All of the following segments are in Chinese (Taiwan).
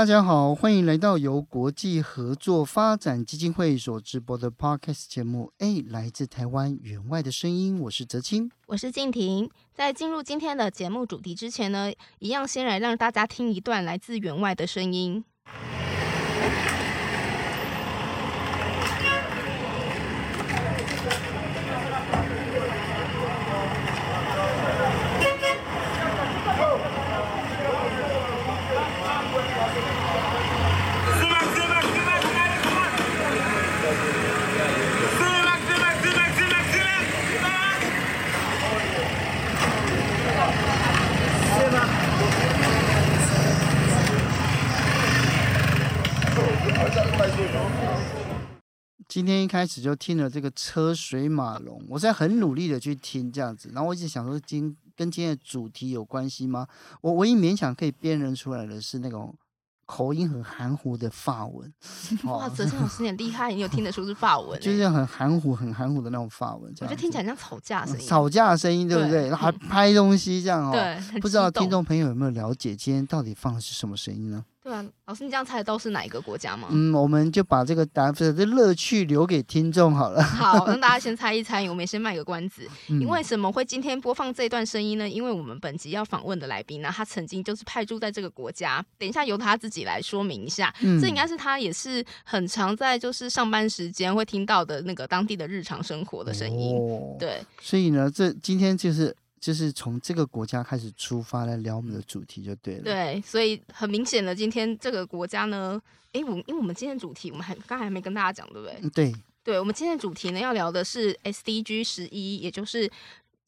大家好，歡迎來到由國際合作發展基金會所製播的 Podcast 節目。a、欸、來自台灣援外的聲音，我是哲青，我是靖婷。在進入今天的節目主題之前呢，一樣先來讓大家聽一段來自援外的聲音。開始就聽了這個車水馬龍，我在很努力的去聽這樣子，然後我一直想說，今跟今天的主題有關係嗎？我唯一勉強可以辨認出來的是那種口音很含糊的法文。哇，哲青老師你很厲害，你有聽得出是法文？就是很含糊、很含糊的那種法文。我覺得聽起來像吵架聲音、嗯。吵架聲音對不對？對還拍東西這樣哦。對，不知道聽眾朋友有沒有了解，今天到底放的是什麼聲音呢？老師，你這樣猜得到是哪一個國家嗎？嗯，我們就把這個答案、這樂趣留給聽眾好了。 好，那大家先猜一猜，我們先賣個關子。因、嗯、為什麼會今天播放這段聲音呢？因為我們本集要訪問的來賓呢，他曾經就是派駐在這個國家。等一下由他自己來說明一下，這、嗯、應該是他也是很常在就是上班時間會聽到的那個當地的日常生活的聲音。哦、對，所以呢，這今天就是。就是從這個國家開始出發來聊我們的主題就對了。對，所以很明顯的，今天這個國家呢，哎，我因為我們今天的主題我們還剛才還沒跟大家講，對不對？對，對，我們今天的主題呢要聊的是 SDG 十一，也就是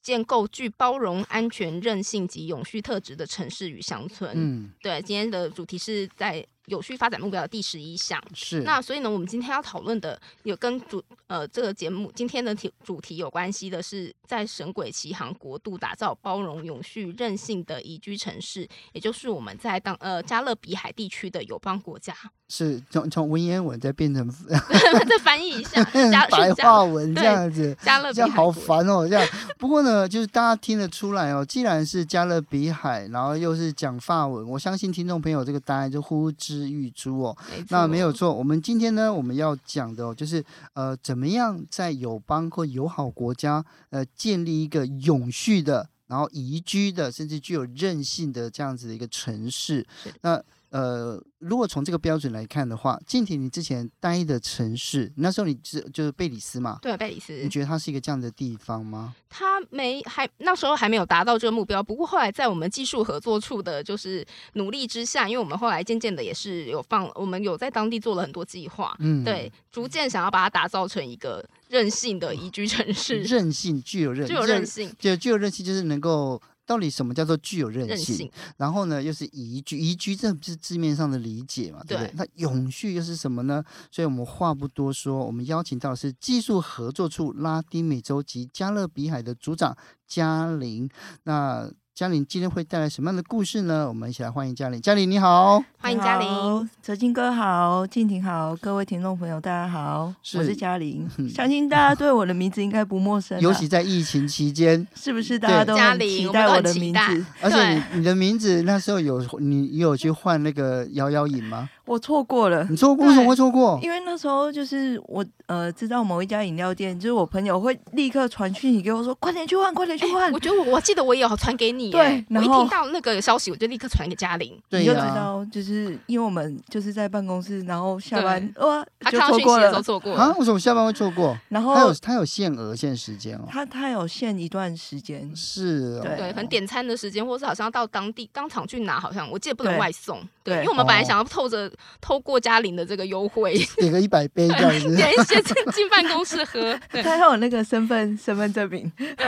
建構具包容、安全、韌性及永續特質的城市與鄉村。嗯，對，今天的主題是在。永續發展目標的第十一項是，那所以呢，我們今天要討論的有跟主呃這個節目今天的題主題有關係的是，在神鬼奇航國度打造包容、永續、韌性的宜居城市，也就是我們在當呃加勒比海地區的友邦國家。是從從文言文再變成再 翻譯一下 白話文這樣子，加勒比這樣好煩哦，勒這樣。 不過呢，就是大家聽得出來哦，既然是加勒比海，然後又是講法文，我相信聽眾朋友這個答案就呼之欲出哦。沒錯哦，那沒有錯，我們今天呢，我們要講的、哦、就是呃，怎麼樣在友邦或友好國家呃，建立一個永續的、然後宜居的，甚至具有韌性的這樣子的一個城市。的那呃，如果從這個標準來看的話，靖婷，你之前待的城市，那時候你、就是就是貝里斯嘛？對、啊，貝里斯。你覺得它是一個這樣的地方嗎？它沒還那時候還沒有達到這個目標。不過後來在我們技術合作處的，就是努力之下，因為我們後來漸漸的也是有放，我們有在當地做了很多計劃，嗯，對，逐漸想要把它打造成一個韌性的宜居城市， 韌性具有韌具有韌性，對，具有韌性，就是能夠。到底什麼叫做具有韌性？性然後呢，又是宜居宜居，居這不是字面上的理解嘛？對不對？對那永續又是什麼呢？所以我們話不多說，我們邀請到的是技術合作處拉丁美洲及加勒比海的組長佳玲。那佳玲今天會帶來什麼樣的故事呢？我們一起來歡迎佳玲。佳玲你好，歡迎佳玲，哲青哥好，靜婷好，各位聽眾朋友大家好，是我是佳玲，哼相信大家對我的名字應該不陌生，尤其在疫情期間， 是不是大家都期待我的名字？對而且你的名字那時候有你有去換那個搖搖飲嗎？我錯過了，你錯過，為什麼會錯過？因為那時候就是我呃，知道某一家飲料店，就是我朋友會立刻傳訊息給我，說快點去換，快點去換。我覺得我我記得我也有傳給你，對。我一聽到那個消息，我就立刻傳給佳玲。你就知道，就是因為我們就是在辦公室，然後下班哇，他看到訊息的時候錯過啊？為什麼下班會錯過？然後他有他有限額、限時間哦，他他有限一段時間，是對，很點餐的時間，或是好像要到當地當場去拿，好像我記得不能外送。對，因為我們本來想要透着、哦、透過佳玲的這個優惠，點個一百杯這樣子，是是，點一些進辦公室喝。對他還有那個身份、身份證明，要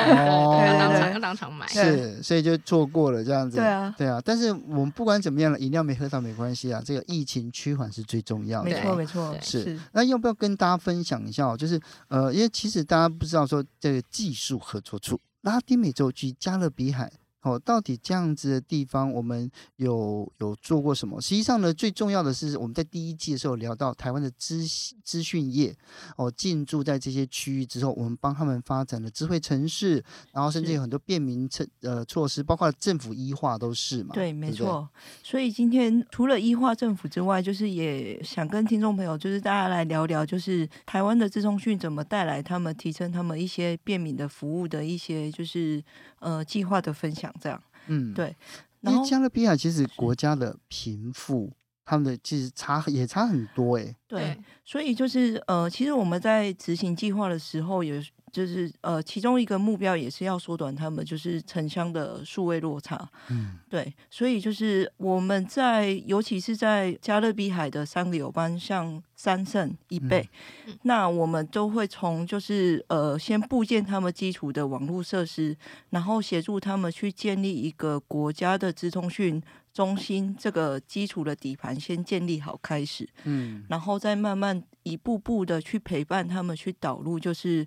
當場要當場買，哦、對對對是，所以就錯過了這樣子。對啊，對啊。但是我們不管怎麼樣了，飲料沒喝到沒關係啊，這個疫情趨緩是最重要的。沒錯，沒錯。是，是是，那要不要跟大家分享一下、哦？就是呃，因為其實大家不知道說這個技術合作處，拉丁美洲區加勒比海。哦，到底這樣子的地方，我們有有做過什麼？實際上呢，最重要的是我們在第一季的時候聊到台灣的資資訊業，哦進駐在這些區域之後，我們幫他們發展了智慧城市，然後甚至有很多便民策呃措施，是呃、包括政府 e 化都是嘛。對，對對沒錯。所以今天除了 e 化政府之外，就是也想跟聽眾朋友，就是大家來聊聊，就是台灣的資通訊怎麼帶來他們提升他們一些便民的服務的一些就是呃計劃的分享。這樣，嗯，對，然後因為加勒比亞其實國家的貧富，是他們的其實差也差很多，欸，哎，對，所以就是呃，其實我們在執行計劃的時候有。就是呃，其中一個目標也是要縮短他們就是城鄉的數位落差。嗯，對，所以就是我們在，尤其是在加勒比海的三個友邦像三聖一貝，嗯，那我們都會從就是呃，先布建他們基礎的網絡設施，然後協助他們去建立一個國家的資通訊中心，這個基礎的底盤先建立好開始。嗯，然後再慢慢一步步的去陪伴他們去導入，就是。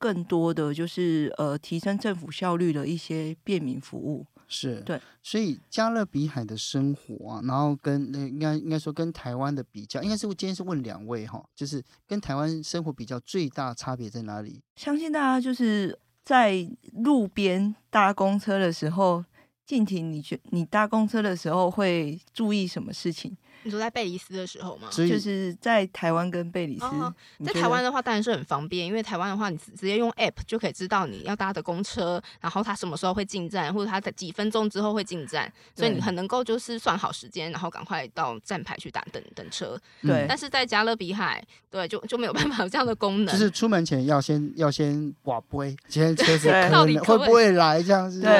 更多的就是呃，提升政府效率的一些便民服務是，對，所以加勒比海的生活、啊，然後跟那、呃、應該應該說跟台灣的比較，應該是我今天是問兩位哈，就是跟台灣生活比較最大差別在哪裡？相信大家就是在路邊搭公車的時候，靖婷，你覺你搭公車的時候會注意什麼事情？你說在貝里斯的時候嗎？以就是在台灣跟貝里斯。哦，在台灣的話，當然是很方便，因為台灣的話，你直接用 app 就可以知道你要搭的公車，然後它什麼時候會進站，或者它幾分鐘之後會進站，對所以你很能夠就是算好時間，然後趕快到站牌去打等，等車。對。嗯，但是在加勒比海，對，就就沒有辦法有這樣的功能。就是出門前要先要先掛杯，先車子可能會不會來這樣子？對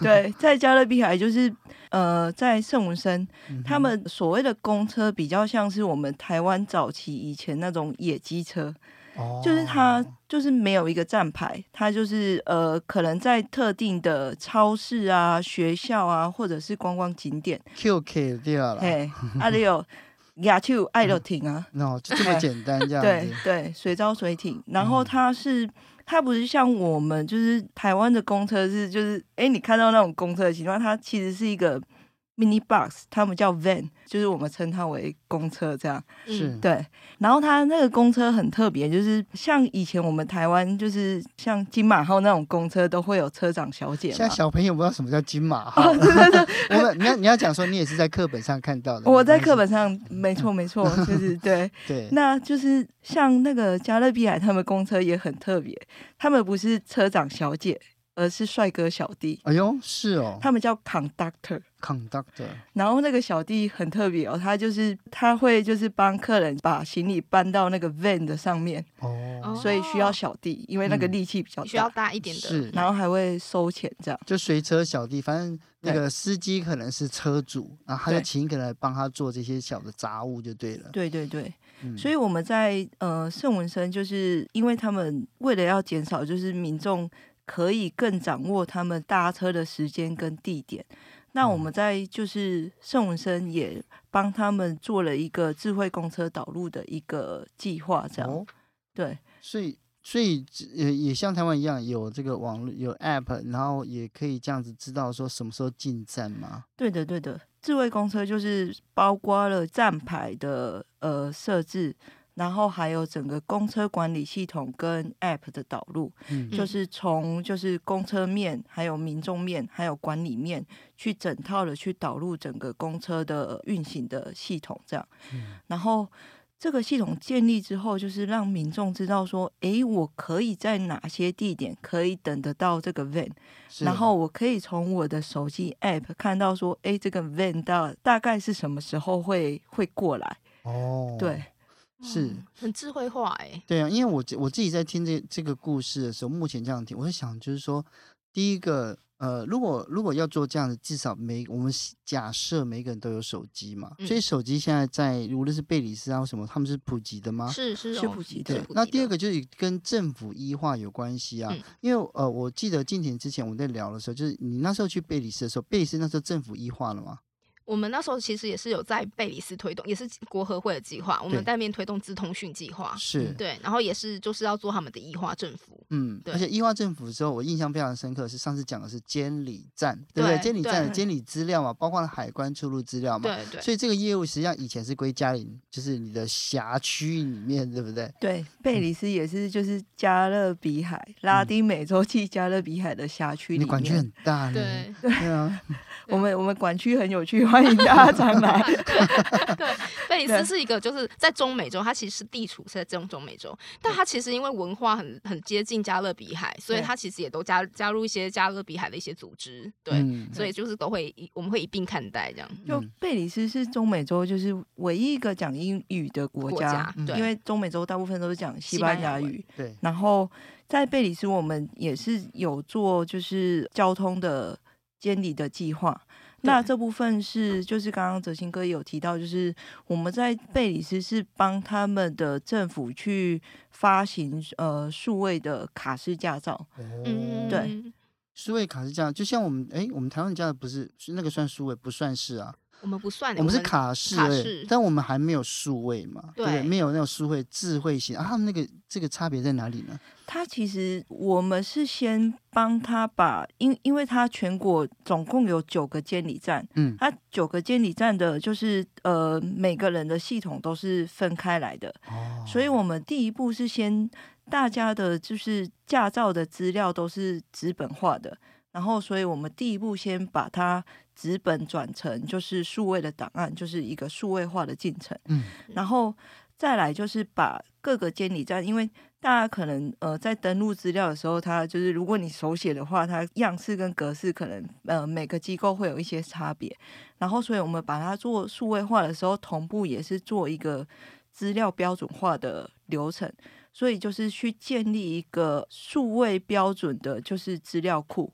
對，對，在加勒比海就是。呃，在聖文森，他們所謂的公車比較像是我們台灣早期以前那種野雞車，哦，就是它就是沒有一個站牌，它就是呃，可能在特定的超市啊、學校啊，或者是觀光景點 qk 以掉了。哎，那裡有雅趣愛樂亭啊，喏，就這麼簡單這樣。對對，隨招隨停，然後它是。它不是像我們，就是台灣的公車是，就是誒、欸，你看到那種公車的形狀，它其實是一個。Mini Box 他們叫 van，就是我們稱它為公車這樣。是對。然後它那個公車很特別，就是像以前我們台灣，就是像金馬號那種公車，都會有車長小姐嘛。現在小朋友不知道什麼叫金馬號。我們你要你要講說，你也是在課本上看到的。我在課本上， 沒錯沒錯，就是對對。 對。那就是像那個加勒比海，他們公車也很特別，他們不是車長小姐。而是帥哥小弟，哎呦，是哦，他們叫 conductor，conductor，cond 然後那個小弟很特別哦，他就是他會就是幫客人把行李搬到那個 van 的上面哦，所以需要小弟，因為那個力氣比較大，嗯，需要大一點的，是，然後還會收錢這樣，就隨車小弟，反正那個司機可能是車主，他就請可來幫他做這些小的雜物就對了，對，對對對，嗯、所以我們在呃聖文森就是因為他們為了要減少就是民眾。可以更掌握他們搭車的時間跟地點，那我們在就是聖文森也幫他們做了一個智慧公車導入的一個計劃，這樣，哦、對。所以所以也也像台灣一樣有這個網絡有 app，然後也可以這樣子知道說什麼時候進站嗎？對的對的，智慧公車就是包括了站牌的呃設置。然後還有整個公車管理系統跟 App 的導入，嗯、就是從就是公車面，還有民眾面，還有管理面去整套的去導入整個公車的運行的系統，這樣。嗯、然後這個系統建立之後，就是讓民眾知道說，哎，我可以在哪些地點可以等得到這個 Van，是然後我可以從我的手機 App 看到說，哎，這個 Van 到大概是什麼時候會會過來。哦，對。是、嗯、很智慧化，哎、欸，對啊，因為我我自己在聽這這個故事的時候，目前這樣聽，我就想就是說，第一個，呃，如果如果要做這樣的，至少每我們假設每個人都有手機嘛，嗯、所以手機現在在無論是貝里斯啊或什麼，他們是普及的嗎？是是、哦、是普及的。對，那第二個就是跟政府 e 化有關係啊，嗯、因為呃，我記得今天之前我們在聊的時候，就是你那時候去貝里斯的時候，貝里斯那時候政府 e 化了嗎？我們那時候其實也是有在貝里斯推動，也是國合會的計劃。我們那邊推動資通訊計劃，是對、嗯、對，然後也是就是要做他們的 e 化政府。嗯，對而且 e 化政府的時候，我印象非常深刻是上次講的是監理站，對不對？對監理站的對監理資料嘛，包括了海關出入資料嘛。對對。對所以這個業務實際上以前是歸佳玲，就是你的轄區裡面，對不對？對貝里斯也是就是加勒比海、嗯、拉丁美洲暨加勒比海的轄區裡面、嗯，你管區很大。對對啊， 我們我們管區很有趣。歡迎他來 對。對，貝里斯是一個，就是在中美洲，它其實是地處在中中美洲，但它其實因為文化很很接近加勒比海，所以它其實也都加加入一些加勒比海的一些組織。對，嗯、對，所以就是都會我們會一併看待這樣。就貝里斯是中美洲，就是唯一一個講英語的國家。國家對，因為中美洲大部分都是講西，西班牙語。對。然後在貝里斯，我們也是有做就是交通的監理的計劃。那這部分是，對就是剛剛哲青哥也有提到，就是我們在貝里斯是幫他們的政府去發行呃數位的卡式駕照。嗯、對，數位卡式駕照，就像我們哎、欸，我們台灣的不是那個算數位，不算是啊。我們不算，欸，我們是卡式、卡式，但我們還沒有數位嘛。對，對，沒有那種數位智慧型啊，他們那個這個差別在哪裡呢？他其實我們是先幫他把，因因為他全國總共有九個監理站，嗯，他九個監理站的就是呃每個人的系統都是分開來的，哦，所以我們第一步是先大家的就是駕照的資料都是紙本化的。然後，所以我們第一步先把它紙本轉成就是數位的檔案，就是一個數位化的進程。嗯，然後再來就是把各個監理站，因為大家可能呃在登錄資料的時候，它就是如果你手寫的話，它樣式跟格式可能呃每個機構會有一些差別。然後，所以我們把它做數位化的時候，同步也是做一個資料標準化的流程，所以就是去建立一個數位標準的，就是資料庫。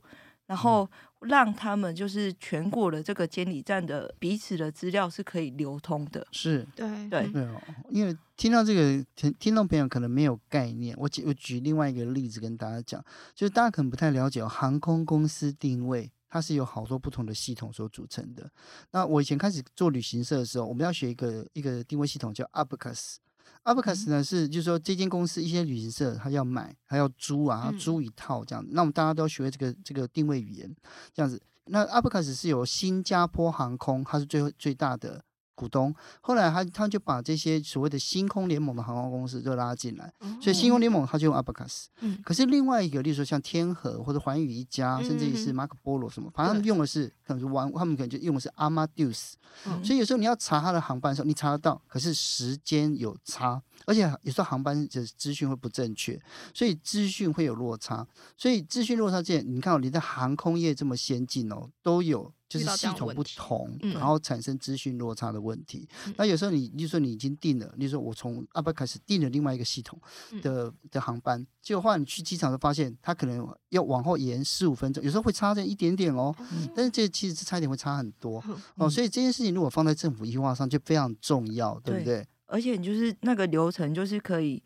然後讓他們就是全國的這個監理站的彼此的資料是可以流通的，嗯、是對對、嗯、因為聽到這個聽聽眾朋友可能沒有概念，我我舉另外一個例子跟大家講，就是大家可能不太了解航空公司定位它是有好多不同的系統所組成的。那我以前開始做旅行社的時候，我們要學一個一個定位系統叫 ABACUS Abacus 呢是，就是說這間公司一些旅行社，他要買，還要租啊，租一套這樣子。嗯、那我們大家都要學會這個這個訂位語言，這樣子。那 Abacus 是有新加坡航空，它是最最大的。股東，後來他他就把這些所謂的星空聯盟的航空公司就拉進來，嗯、所以星空聯盟他就用阿布卡斯，可是另外一個，例如說像天河或者環宇一家，嗯、哼甚至於是馬可波羅什麼，反正、嗯、哼用的是對可能玩，他們可能就用的是阿馬迪斯，所以有時候你要查他的航班的時候，你查得到，可是時間有差，而且有時候航班的資訊會不正確，所以資訊會有落差，所以資訊落差件，你看哦，你的航空業這麼先進哦，都有。就是系統不同，然後產生資訊落差的問題。嗯、那有時候你，就說你已經定了，你說我從阿巴開始定了另外一個系統的、嗯、的航班，結果後來你去機場就發現他可能要往後延十五分鐘，有時候會差這一點點哦。嗯、但是這其實這差一點會差很多、嗯、哦。所以這件事情如果放在政府 e 化上就非常重要，嗯、對不對？對，而且就是那個流程就是可以。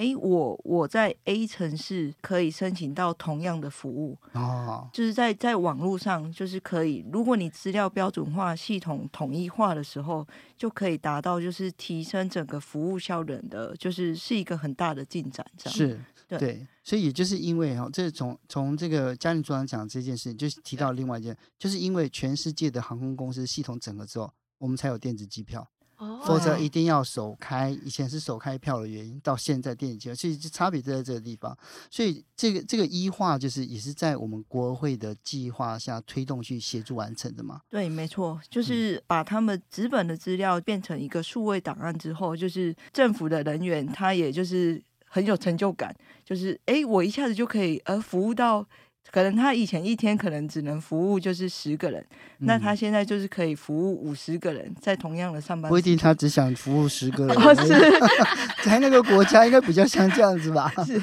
誒，我我在 A 城市，可以申請到同樣的服務，哦、就是在在網絡上就是可以。如果你資料標準化、系統統一化的時候，就可以達到就是提升整個服務效能的，就是是一個很大的進展，這樣是。對，對，所以也就是因為哈、哦，這從從這個佳玲組長講這件事情，就提到另外一件，對就是因為全世界的航空公司系統整合之後，我們才有電子機票。Oh. 否則一定要手開，以前是手開票的原因，到現在電影節其實差別就在這個地方。所以這個這個一化就是也是在我們國合的計劃下推動去協助完成的嘛。對，沒錯，就是把他們紙本的資料變成一個數位檔案之後，就是政府的人員他也就是很有成就感，就是哎、欸，我一下子就可以而服務到。可能他以前一天可能只能服務就是十個人，嗯、那他現在就是可以服務五十個人，在同樣的上班時間。不一定他只想服務十個人。哦、是，而已 在那個國家應該比較像這樣子吧。是，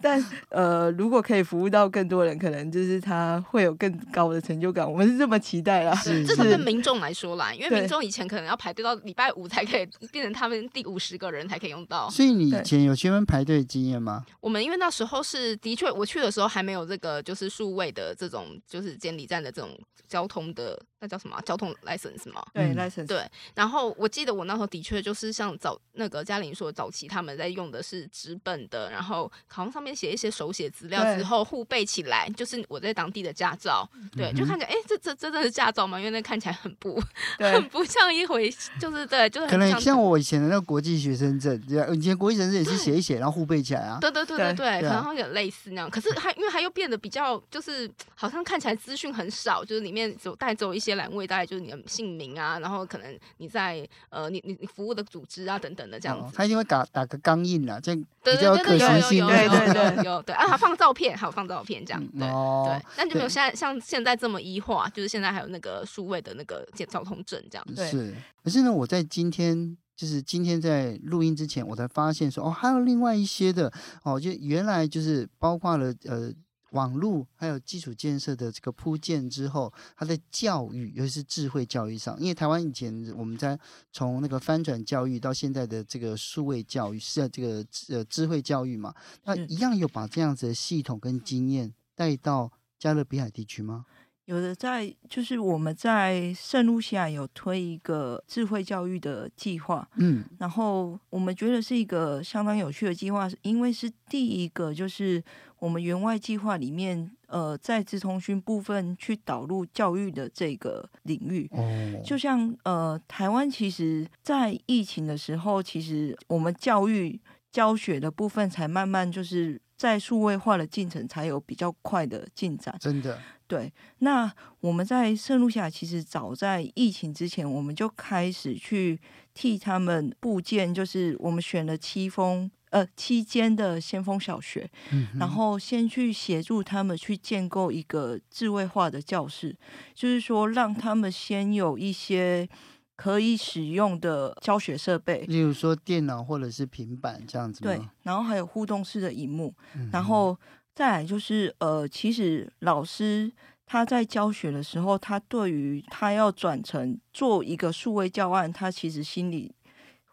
但呃，如果可以服務到更多人，可能就是他會有更高的成就感。我們是這麼期待啦。是，至少對民眾來說啦，因為民眾以前可能要排隊到禮拜五才可以變成他們第五十個人才可以用到。對所以你以前有先分排隊的經驗嗎？我們因為那時候是的確我去的時候還沒有這個。就是數位的這種，就是監理站的這種交通的，那叫什麼、啊？交通 license 嗎？對 license。嗯、對，然後我記得我那時候的確就是像早那個佳玲說，早期他們在用的是紙本的，然後好像上面寫一些手寫資料之後對互背起來，就是我在當地的駕照，對，嗯、哼就看着，哎、欸，這這，這真的是駕照嗎？因為那看起來很不對很不像一回，就是對，就是可能像我以前的那個國際學生證，以前國際學生證也是寫一寫，對然後互背起來啊，對對對對對，對可能有點類似那樣。啊、可是它因為還又變得比較就是好像看起來資訊很少，就是裡面只有帶走一些。些欄位大概就是你的姓名啊，然後可能你在呃你你你服務的組織啊等等的這樣、哦。他一定會打打個鋼印啦，這樣比較有可行性。對,對對對，有對啊，放照片還有放照片這樣，對、哦、對。那對就沒有像像現在這麼 e 化，就是現在還有那個數位的那個交通證這樣。是，可是呢，我在今天就是今天在錄音之前，我才發現說哦，還有另外一些的哦，就原來就是包括了呃。網絡還有基礎建設的這個鋪建之後，它的教育，尤其是智慧教育上，因為台灣以前我們在從那個翻轉教育到現在的這個數位教育，是在這個呃智慧教育嘛，那一樣有把這樣子的系統跟經驗帶到加勒比海地區嗎？有的在，在就是我們在聖露西亞有推一個智慧教育的計劃，嗯，然後我們覺得是一個相當有趣的計劃，因為是第一個就是。我們援外計畫裡面，呃，在資通訊部分去導入教育的這個領域，嗯、就像呃，台灣其實，在疫情的時候，其實我們教育教學的部分才慢慢就是在數位化的進程才有比較快的進展。真的，對。那我們在聖露西亞，其實早在疫情之前，我們就開始去替他們佈建，就是我們選了七封。呃，期間的先鋒小學，嗯、哼然後先去協助他們去建構一個智慧化的教室，就是說讓他們先有一些可以使用的教學設備，例如說電腦或者是平板這樣子。對，然後還有互動式的熒幕，嗯、哼然後再來就是呃，其實老師他在教學的時候，他對於他要轉成做一個數位教案，他其實心裡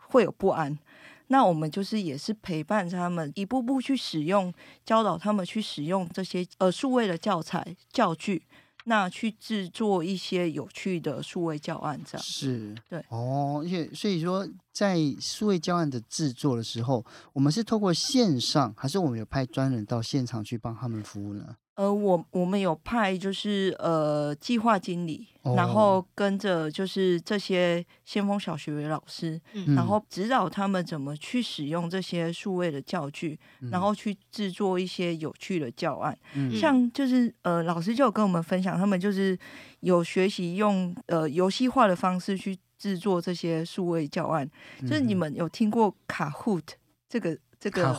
會有不安。那我們就是也是陪伴他們一步步去使用，教導他們去使用這些呃數位的教材教具，那去制作一些有趣的數位教案這樣。是，對，哦，而且所以說在數位教案的制作的時候，我們是透過線上，還是我們有派專人到現場去幫他們服務呢？呃，我我們有派就是呃計劃經理，哦、然後跟着就是這些先鋒小學的老師，嗯、然後指導他們怎麼去使用這些數位的教具，嗯、然後去製作一些有趣的教案。嗯、像就是呃，老師就有跟我們分享，他們就是有學習用呃遊戲化的方式去製作這些數位教案。嗯、哼就是你們有聽過 Kahoot、ah、這個這個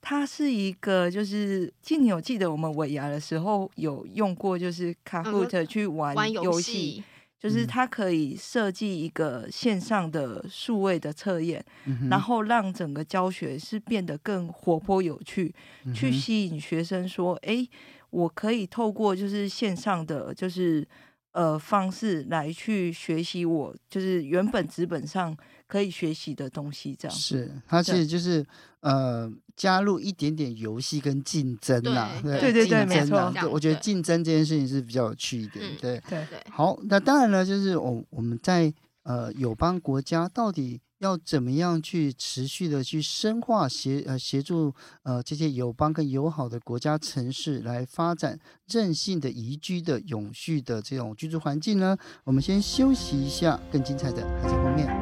它是一個，就是，近有記得我們尾牙的時候有用過，就是 Kahoot 去玩遊戲，嗯、遊戲就是它可以設計一個線上的數位的測驗，嗯、哼然後讓整個教學是變得更活潑有趣，嗯、哼去吸引學生說，哎，我可以透過就是線上的就是呃方式來去學習我，我就是原本紙本上。可以學習的東西，這樣是它其實就是對呃加入一點點遊戲跟競爭啦、啊，對，對對對，啊、沒錯錯，我覺得競爭這件事情是比較有趣一點，對對、嗯、對。對好，那當然了，就是我、哦、我們在呃友邦國家到底要怎麼樣去持續的去深化協呃協助呃這些友邦跟友好的國家城市來發展韌性的宜居的永續的這種居住環境呢？我們先休息一下，更精彩的還是後面。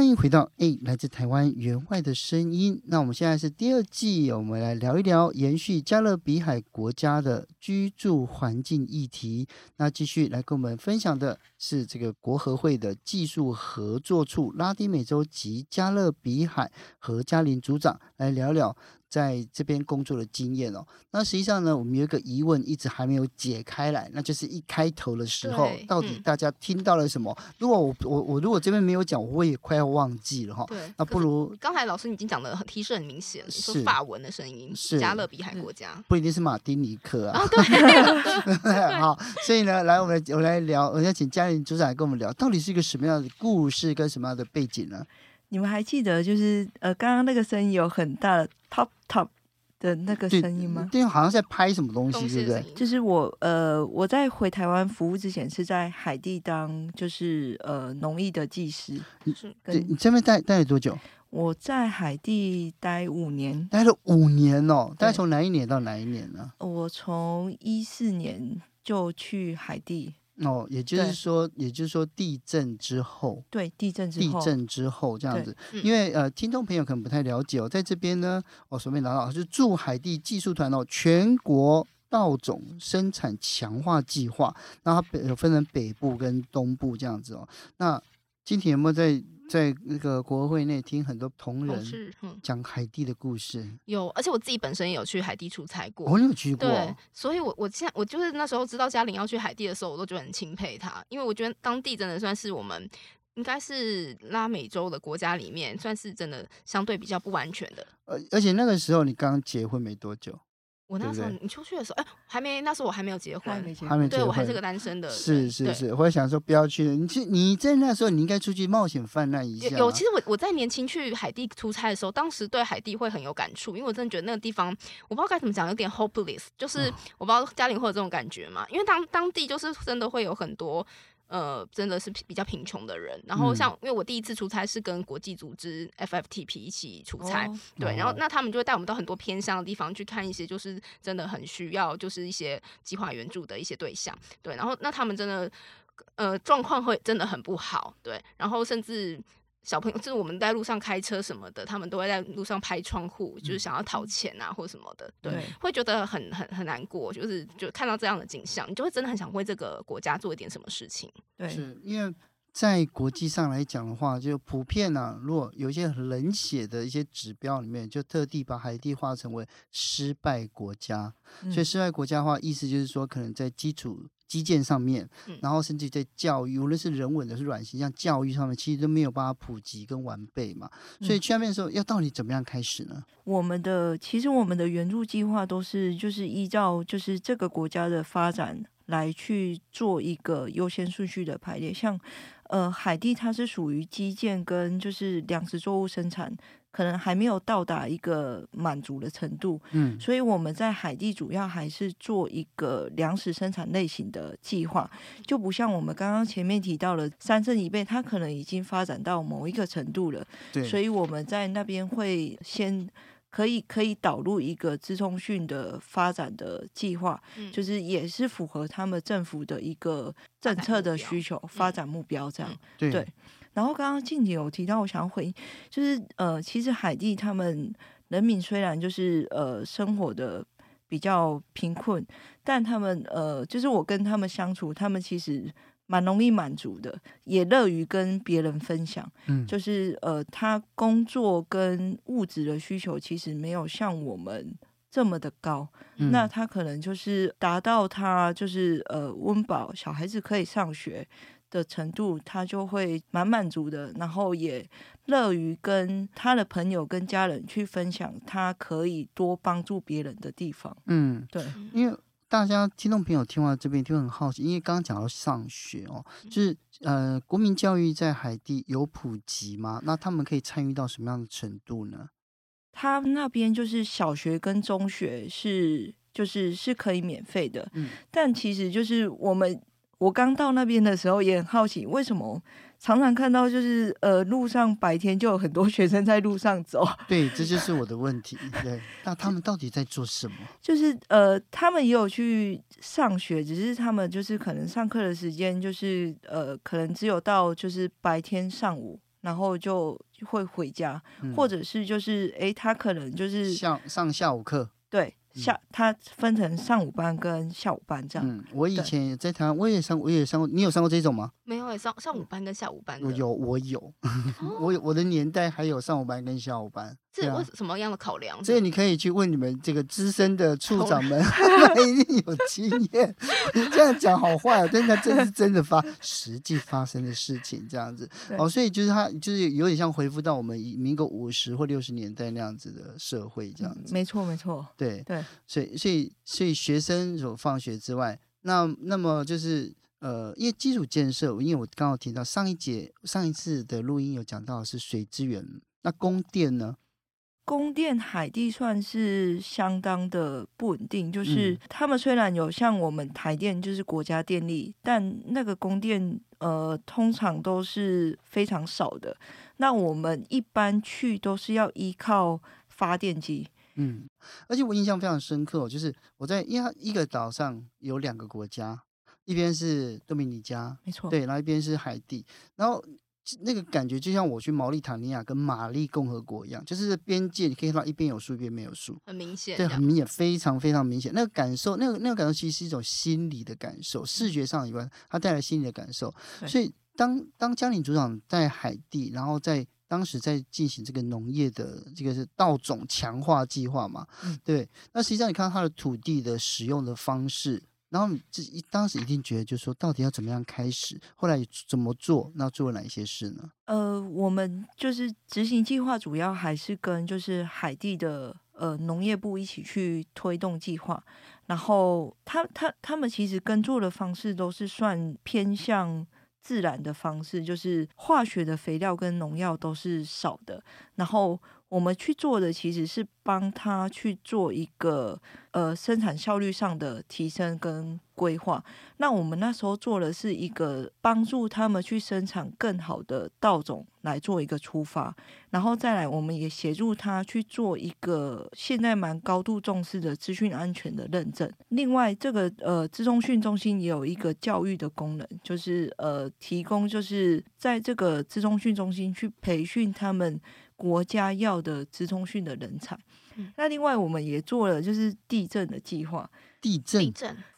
歡迎回到誒、欸，來自台灣援外的聲音。那我們現在是第二季，我們來聊一聊延續加勒比海國家的居住環境議題。那繼續來跟我們分享的是這個國合會的技術合作處，拉丁美洲及加勒比海何佳玲組長來聊聊。在這邊工作的經驗哦、喔，那實際上呢，我們有一個疑問一直還沒有解開來，那就是一開頭的時候，對到底大家聽到了什麼？嗯、如果我我我如果這邊沒有講，我，我也快要忘記了哈。對，那不如剛才老師已經講的提示很明顯，是法文的聲音，是，是加勒比海國家，不一定是馬丁尼克啊。對，好，所以呢，來我們來我們來聊，我要請佳玲組長來跟我們聊，到底是一個什麼樣的故事，跟什麼樣的背景呢？你們還記得，就是呃，剛剛那個聲音有很大的 pop Top 的那個聲音嗎？對，好像是在拍什麼東西，東西對不對？就是我，呃，我在回台灣服務之前，是在海地當，就是呃，農業的技師。是跟，你這邊待待了多久？我在海地待五年，待了五年哦。大概從哪一年到哪一年呢？我從一四年就去海地。哦，也就是說，對也就是說地震之後，對，地震之後，地震之後這樣子。嗯、因為呃，聽眾朋友可能不太了解哦，在這邊呢，我、哦、隨便拿到、就是駐海地技術團哦，全國稻種生產強化計劃，那、嗯、它有分成北部跟東部這樣子哦。那今天有沒有在？在那個國合會內聽很多同仁講海地的故事、哦嗯，有，而且我自己本身也有去海地出差過，我、哦、有去過、啊。對，所以我我現在我就是那時候知道佳玲要去海地的時候，我都覺得很欽佩她，因為我覺得當地真的算是我們應該是拉美洲的國家裡面，算是真的相對比較不安全的。而而且那個時候你剛結婚沒多久。我那時候你出去的時候，哎、欸，還沒那時候我還沒有結婚，還沒結婚，對我還是個單身的，是是是，對我會想說不要去，你去你在那時候你應該出去冒險犯難一下、啊有。有，其實我我在年輕去海地出差的時候，當時對海地會很有感觸，因為我真的覺得那個地方我不知道該怎麼講，有點 hopeless，就是、哦、我不知道佳玲會有這種感覺嘛，因為當當地就是真的會有很多。呃，真的是比較貧窮的人，然後像、嗯、因為我第一次出差是跟國際組織 FFTP 一起出差，哦、對，然後、哦、那他們就會帶我們到很多偏鄉的地方去看一些，就是真的很需要，就是一些計劃援助的一些對象，對，然後那他們真的，呃，狀況會真的很不好，對，然後甚至。小朋友，就是我們在路上開車什麼的，他們都會在路上拍窗戶，就是想要討錢啊或什麼的，對，對會覺得很很很難過，就是就看到這樣的景象，你就會真的很想為這個國家做一點什麼事情，對，是因為。在國際上來講的話，就普遍呢，啊，如果有一些冷血的一些指標裡面，就特地把海地劃成為失敗國家。所以失敗國家的話，意思就是說，可能在基礎基建上面，然後甚至在教育，無論是人文還是軟性，像教育上面，其實都沒有辦法普及跟完備嘛。所以去那邊的時候要到底怎麼樣開始呢？我們的其實我們的援助計劃都是就是依照就是這個國家的發展來去做一個優先順序的排列，像。呃，海地，它是屬於基建跟就是糧食作物生產，可能還沒有到達一個滿足的程度，嗯，所以我們在海地主要還是做一個糧食生產類型的計劃，就不像我們剛剛前面提到了三聖一貝，它可能已經發展到某一個程度了，對所以我們在那邊會先。可以可以導入一個資通訊的發展的計劃，嗯、就是也是符合他們政府的一個政策的需求、發展目標這樣。嗯、對，對。然後剛剛靖姐有提到，我想要回應，就是呃，其實海地他們人民雖然就是呃生活的比較貧困，但他們呃，就是我跟他們相處，他們其實。蠻容易滿足的，也樂於跟別人分享。嗯、就是呃，他工作跟物質的需求其實沒有像我們這麼的高。嗯、那他可能就是達到他就是呃溫飽，小孩子可以上學的程度，他就會蠻滿足的。然後也樂於跟他的朋友、跟家人去分享他可以多幫助別人的地方。嗯，對，因為。大家聽眾朋友聽完這邊，就很好奇，因為剛剛講到上學哦，就是呃，國民教育在海地有普及嗎？那他們可以參與到什麼樣的程度呢？他那邊就是小學跟中學是，就是是可以免費的，嗯，但其實就是我們，我剛到那邊的時候也很好奇，為什麼？常常看到就是呃，路上白天就有很多學生在路上走，對，這就是我的問題。 對，那他們到底在做什麼？就是呃，他們也有去上學，只是他們就是可能上課的時間就是呃，可能只有到就是白天上午，然後就會回家，嗯、或者是就是哎，他可能就是上上下午課，對。下，它分成上午班跟下午班這樣。嗯，我以前在台灣，我也上，我也上過，你有上過這種嗎？沒有、欸，上上午班跟下午班。我有，我有，哦、我我的年代還有上午班跟下午班。啊、這有什麼樣的考量？所以你可以去問你們這個資深的處長們，他偷 一定有經驗。 這樣講好壞、啊，真的是，是真的發實際發生的事情這樣子對哦。所以就是他就是有點像回復到我們民國五十或六十年代那樣子的社會這樣子。嗯、沒錯，沒錯。對對。所以，所以，所以學生所放學之外，那那麼就是呃，因為基礎建設，因為我剛剛提到上一節上一次的錄音有講到是水資源。那供電呢？供電，海地算是相當的不穩定，就是他們雖然有像我們台電，就是國家電力，但那個供電呃，通常都是非常少的。那我們一般去都是要依靠發電機。嗯，而且我印象非常深刻、哦，就是我在因為它一個島上有兩個國家，一邊是多米尼加，沒錯錯，對，然後一邊是海地，然後那個感覺就像我去毛利塔尼亞跟馬利共和國一樣，就是邊界你可以看到一邊有樹，一邊沒有樹，很明顯，對，很明顯，非常非常明顯。那個感受，那個那個感受其實是一種心理的感受，視覺上以外，它帶來心理的感受。對所以當當佳玲組長在海地，然後在。當時在進行這個農業的這個是稻種強化計劃嘛？對、對，那實際上你看到它的土地的使用的方式，然後你自己當時一定覺得就是說，到底要怎麼樣開始？後來怎麼做？那做了哪些事呢？呃，我們就是執行計劃，主要還是跟就是海地的呃農業部一起去推動計劃。然後他他他們其實耕作的方式都是算偏向。自然的方式，就是化學的肥料跟農藥都是少的，然後。我們去做的其實是幫他去做一個呃生產效率上的提升跟規劃。那我們那時候做的是一個幫助他們去生產更好的稻種來做一個出發，然後再來我們也協助他去做一個現在蠻高度重視的資訊安全的認證。另外，這個呃資中訓中心也有一個教育的功能，就是呃提供就是在這個資中訓中心去培訓他們。國家要的資通訊的人才，那另外我們也做了就是地震的計劃。地震，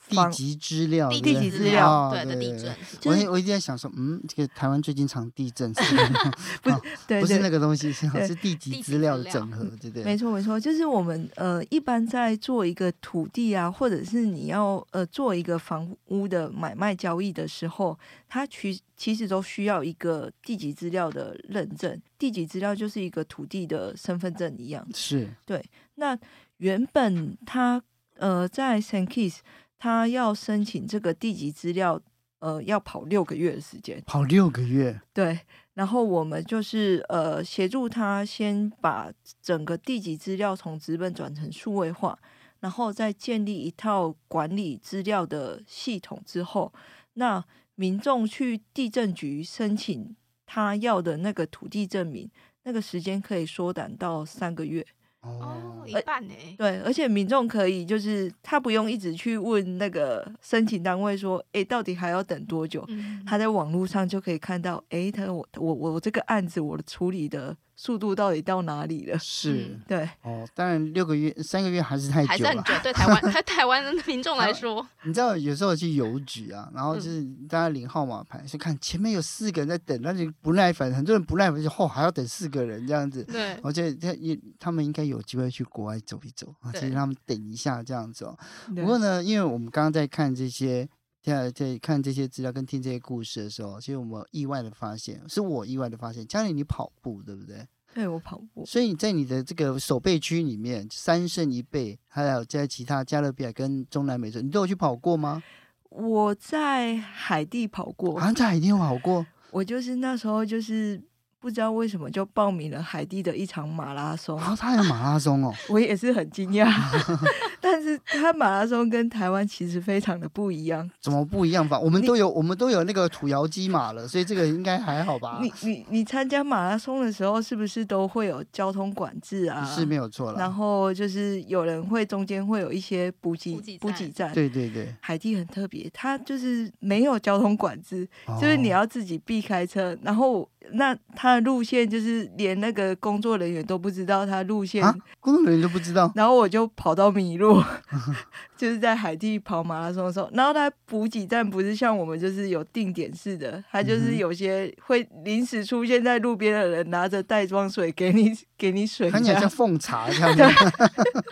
地籍震資料，地籍資料，對的，地震、哦就是。我我一直在想說，嗯，這個台灣最近常地震，是 不是，哦、不是那個東西，是是地籍資料的整合，對不對、嗯？沒錯，沒錯，就是我們呃，一般在做一個土地啊，或者是你要呃做一個房屋的買賣交易的時候，它其其實都需要一個地籍資料的認證。地籍資料就是一個土地的身份證一樣，是對。那原本它。呃，在 Saint Kitts 他要申請這個地籍資料，呃，要跑六個月的時間。跑六個月。對，然後我們就是呃，協助他先把整個地籍資料從紙本轉成數位化，然後再建立一套管理資料的系統之後，那民眾去地政局申請他要的那個土地證明，那個時間可以縮短到三個月。哦，一半誒。對，而且民眾可以，就是他不用一直去問那個申請單位說，誒，到底還要等多久？他在網絡上就可以看到，誒，他我我我這個案子我處理的。速度到底到哪裡了？是對、嗯、哦，當然六個月、三個月還是太久了，還是很久， 對台灣台台灣的民眾來說。你知道有時候去郵局啊，然後就是大家領號碼牌，就、嗯、看前面有四個人在等，那就不耐煩，很多人不耐煩就哦還要等四個人這樣子。對，我覺得他也他們應該有機會去國外走一走啊，其實對他們等一下這樣子，喔。對不過呢，因為我們剛剛在看這些。現在在看這些資料跟聽這些故事的時候，其實我們意外的發現，是我意外的發現。佳玲你跑步對不對？對，我跑步。所以你在你的這個守備區裡面，三聖一貝，還有在其他加勒比亞跟中南美洲，你都有去跑過嗎？我在海地跑過，啊、在海地有跑過。 我就是那時候就是。不知道為什麼就報名了海地的一場馬拉松啊、哦！他有馬拉松哦， 我也是很驚訝。 但是他馬拉松跟台灣其實非常的不一樣。怎麼不一樣吧？我們都有你我們都有那個土窯機馬了，所以這個應該還好吧？你你你參加馬拉松的時候是不是都會有交通管制啊？是沒有錯了。然後就是有人會中間會有一些補給補給站。補給站對對對，海地很特別，他就是沒有交通管制，哦、就是你要自己避開車，然後。那他的路線就是連那個工作人員都不知道他路線，工作人員都不知道。然後我就跑到迷路， 就是在海地跑馬拉松的時候，然後他補給站不是像我們就是有定點似的，他就是有些會臨時出現在路邊的人拿着袋裝水給你給你水，看起來像奉茶一樣，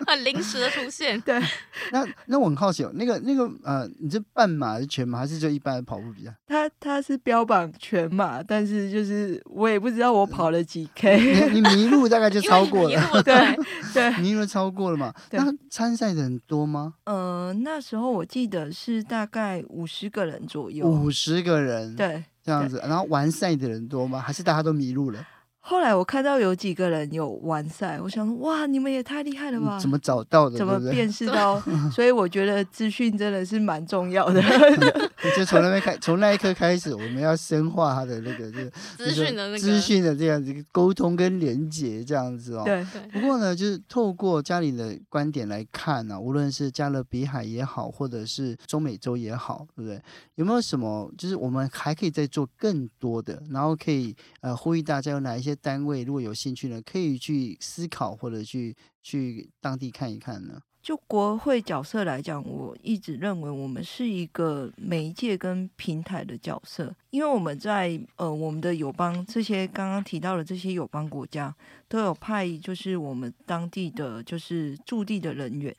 很臨時的出現。 對， 那那我很好奇，那個那個呃，你這半馬還是全馬，還是就一般的跑步比賽？他他是標榜全馬，但是就是。我也不知道我跑了幾 K，嗯、你、你迷路大概就超過了 因為，對對，迷路超過了嘛？那參賽的人多嗎？嗯、呃，那時候我記得是大概五十個人左右，五十個人，對，這樣子。然後完賽的人多嗎？還是大家都迷路了？後來我看到有幾個人有完善，我想說，哇，你們也太厲害了吧！怎麼找到的？怎麼辨識到？對所以我覺得資訊真的是蠻重要的。 就從那邊開，從那一刻開始，我們要深化他的那個就是資訊的、那個、資訊的這樣子溝通跟連接這樣子哦。對對。不過呢，就是透過家裡的觀點來看呢、啊，無論是加勒比海也好，或者是中美洲也好，對不對？有沒有什麼？就是我們還可以再做更多的，然後可以呃呼籲大家有哪一些。單位如果有興趣呢，可以去思考或者去去當地看一看呢。就國合會角色來講，我一直認為我們是一個媒介跟平台的角色，因為我們在呃我們的友邦這些剛剛提到的這些友邦國家都有派就是我們當地的就是駐地的人員，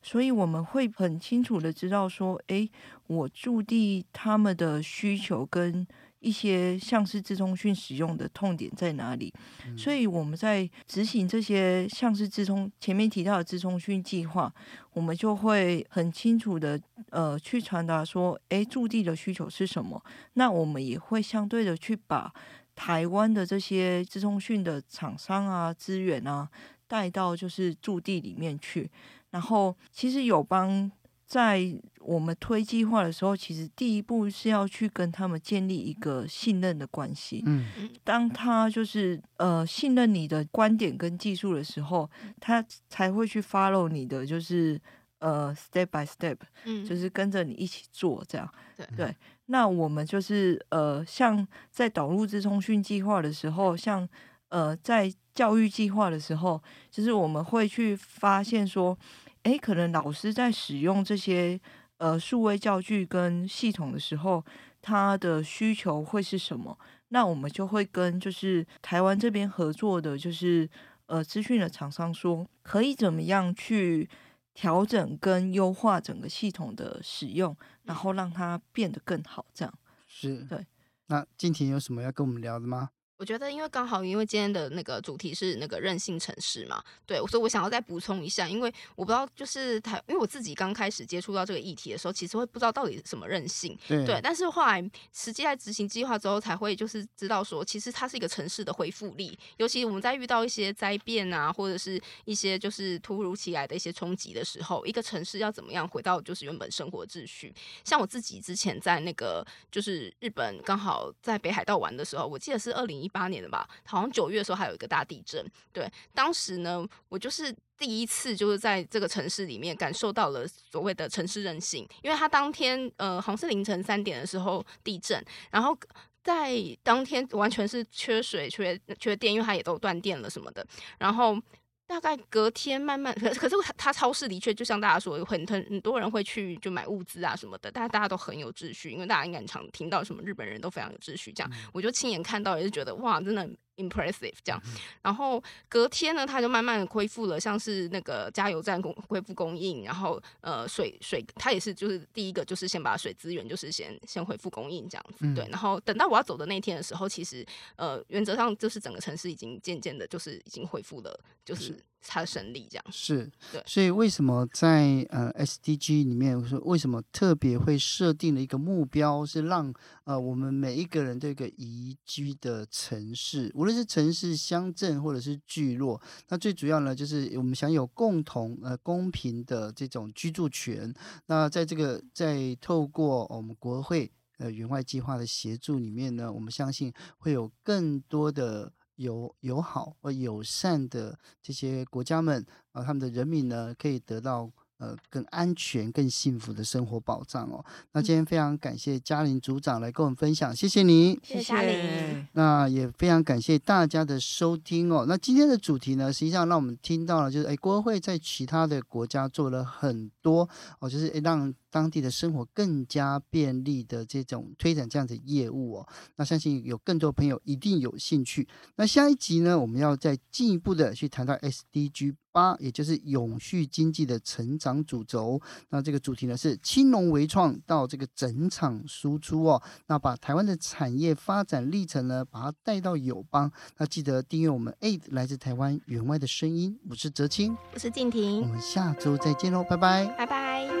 所以我們會很清楚的知道說，誒，我駐地他們的需求跟，一些像是資通訊使用的痛點在哪裡？所以我們在執行這些像是資通前面提到的資通訊計劃，我們就會很清楚的呃去傳達說，誒、欸，駐地的需求是什麼。那我們也會相對的去把台灣的這些資通訊的廠商啊資源啊帶到就是駐地裡面去。然後其實友邦。在我們推計劃的時候，其實第一步是要去跟他們建立一個信任的關係。嗯、當他就是呃信任你的觀點跟技術的時候，他才會去 follow 你的，就是呃 step by step，就是跟着你一起做這樣。對、嗯、對，那我們就是呃，像在導入資通訊計劃的時候，像呃在教育計劃的時候，就是我們會去發現說。誒，可能老師在使用這些呃數位教具跟系統的時候，他的需求會是什麼？那我們就會跟就是台灣這邊合作的，就是呃資訊的廠商說，可以怎麼樣去調整跟優化整個系統的使用，然後讓它變得更好，這樣是對。那靖婷有什麼要跟我們聊的嗎？我覺得，因為剛好，因為今天的那個主題是那個韌性城市嘛，對，所以我想要再補充一下，因為我不知道，就是台，因為我自己剛開始接觸到這個議題的時候，其實會不知道到底是什麼韌性，嗯、對，但是後來實際在執行計劃之後，才會就是知道說，其實它是一個城市的恢復力，尤其我們在遇到一些災變啊，或者是一些就是突如其來的一些衝擊的時候，一個城市要怎麼樣回到就是原本生活秩序？像我自己之前在那個就是日本，剛好在北海道玩的時候，我記得是二零一。八年了吧，好像九月的時候還有一個大地震。對，當時呢，我就是第一次就是在這個城市裡面感受到了所謂的城市韌性，因為它當天呃，好像是凌晨三點的時候地震，然後在當天完全是缺水、缺缺電，因為它也都斷電了什麼的，然後。大概隔天慢慢，可可是他超市的確，就像大家說，很很很多人會去就買物資啊什麼的，但大家都很有秩序，因為大家應該常聽到什麼日本人都非常有秩序，這樣我就親眼看到，也是覺得哇，真的。Impressive 這樣，嗯、然後隔天呢，它就慢慢的恢復了，像是那個加油站供恢復供應，然後呃水水它也是就是第一個就是先把水資源就是先先恢復供應這樣子，嗯、對，然後等到我要走的那天的時候，其實呃原則上就是整個城市已經漸漸的就是已經恢復了，就是，是。才勝利這樣是，對所以為什麼在呃 SDG 裡面，我說為什麼特別會設定了一個目標，是讓呃我們每一個人都有一個宜居的城市，無論是城市、鄉鎮或者是聚落，那最主要呢，就是我們享有共同呃公平的這種居住權。那在這個在透過我們國合會呃援外計劃的協助裡面呢，我們相信會有更多的。友友好和友善的這些國家們啊、呃，他們的人民呢可以得到呃更安全、更幸福的生活保障哦。嗯、那今天非常感謝佳玲組長來跟我們分享，謝謝你，謝謝佳玲。那也非常感謝大家的收聽哦。那今天的主題呢，實際上讓我們聽到了就是，誒、哎，國合會在其他的國家做了很多哦，就是、哎、讓。當地的生活更加便利的這種推展，這樣子業務哦，那相信有更多朋友一定有興趣。那下一集呢，我們要再進一步的去談到 SDG 八，也就是永續經濟的成長主軸。那這個主題呢是青農微創到這個整廠輸出哦，那把台灣的產業發展歷程呢，把它帶到友邦。那記得訂閱我們 AID 來自台灣援外的聲音，我是哲青，我是靜婷，我們下周再見嘍，拜拜，拜拜。